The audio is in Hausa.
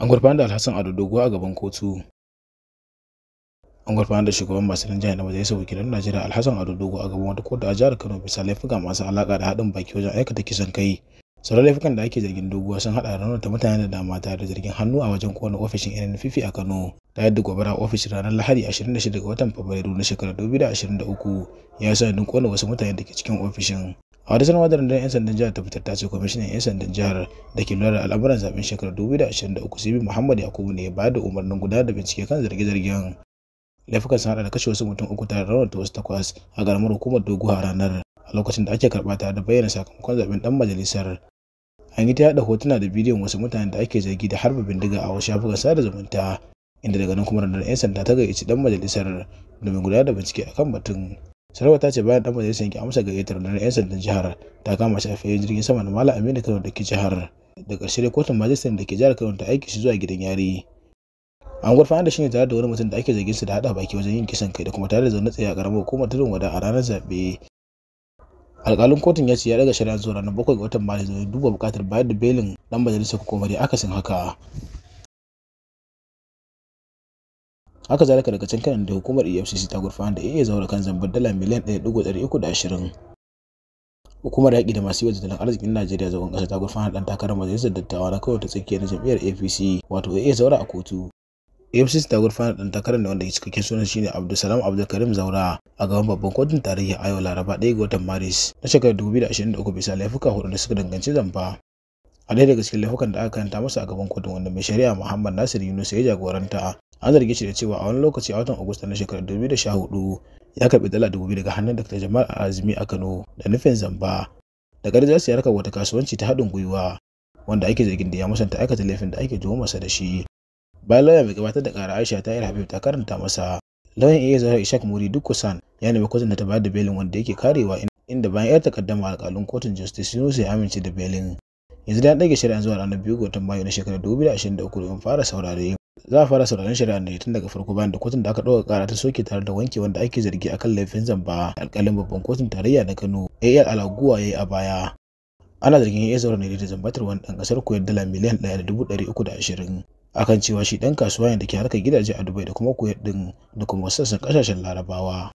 an gurfanar da alhassan ado dogo a gaban kotu an gurfanar da shugaban masu rinjaye na majalisar wakilan najeriya alhassan ado dogo a gaban wata kotu a jihar kano bisa laifuka masu alaka da haɗin baki wajen aikata kisan kai sauran laifukan da ake zargin doguwa sun haɗa ranar ta mutane da dama tare da zargin hannu a wajen kowane ofishin nnpp a kano ta yadda gobara ofishin ranar lahadi 26 ga watan fabrairu na shekarar 2023 ya sa kona wasu mutane da ke cikin ofishin a wata sanarwa da rundunar 'yan sandan jihar ta fitar ta ce kwamishinan 'yan sandan jihar da ke lura da al'amuran zaben shekarar 2023 sibi muhammad yakubu ne ya ba da umarnin gudanar da bincike kan zarge-zargen laifukan sun da kashe wasu mutum uku tare da raunata wasu takwas a garamar hukumar doguwa a ranar a lokacin da ake karɓa tare da bayyana sakamakon zaben dan majalisar an yi ta yada hotuna da bidiyon wasu mutane da ake zargi da harba bindiga a wasu shafukan sada zumunta inda daga nan kuma rundunar 'yan sanda ta gayyaci dan majalisar domin gudanar da bincike akan batun sarawa ta ce bayan damar majalisar yanke amsa ga gayyatar da 'yan sandan jihar ta kama shi a filin jirgin sama da Malam Aminu Kano da ke jihar. Da ƙarshe dai kotun majistan da ke jihar Kano ta aiki shi zuwa gidan yari. An gurfana da shi ne tare da wani mutum da ake zargin su da hada baki wajen yin kisan kai da kuma tare da zaune tsaye a karamar hukumar tudun wada a ranar zabe. Alƙalin kotun ya ce ya daga shari'a zuwa ranar bakwai ga watan Maris domin duba buƙatar bayar da belin dan majalisar hukumar akasin haka. haka zalika daga can kanan da hukumar efcc ta gurfana da iya zaura kan zambar dala miliyan 1.320 hukumar yaƙi da masu yi tattalin arzikin najeriya zagon ƙasa ta gurfana ɗan takarar majalisar dattawa na kawai ta tsakiya na jam'iyyar apc wato iya zaura a kotu efcc ta gurfana ɗan takarar da wanda ya cikakken sunan shine abdulsalam abdulkarim zaura a gaban babban kotun tarihi a yau laraba ɗaya ga watan maris na shekarar 2023 bisa laifuka hudu da suka danganci zamba a ɗaya daga cikin laifukan da aka kanta masa a gaban kotun wanda mai shari'a muhammad nasir yunus ya jagoranta an zargi shi da cewa a wani lokaci a watan agusta na shekarar 2014 ya karbi dala dubu daga hannun dr jamal azumi a kano da nufin zamba da ƙarfi za su yarka wata kasuwanci ta haɗin gwiwa wanda ake zargin da ya musanta aikata laifin da ake masa da shi bayan lauya mai gabatar da kara aisha ta yi habib ta karanta masa lauyan iya zara ishak muri duk kusan ya nemi kotun da ta bayar da belin wanda yake karewa inda bayan yar takaddama alƙalin kotun justice yunus ya amince da belin yanzu da ya ɗage shari'a zuwa ranar biyu ga watan mayu na shekarar uku domin fara saurare za a fara sauraron shari'a ne tun daga farko bayan da kotun da aka ɗauka kara ta soke tare da wanke wanda ake zargi akan laifin zamba alƙalin babban kotun tarayya na kano al alaguwa ya yi a baya ana zargin ya zaura ne da zambatar wani ɗan ƙasar koyar dala miliyan ɗaya da dubu ɗari uku da ashirin akan cewa shi ɗan kasuwa ne da ke harkar gidaje a dubai da kuma koyar ɗin da kuma wasu sassan ƙasashen larabawa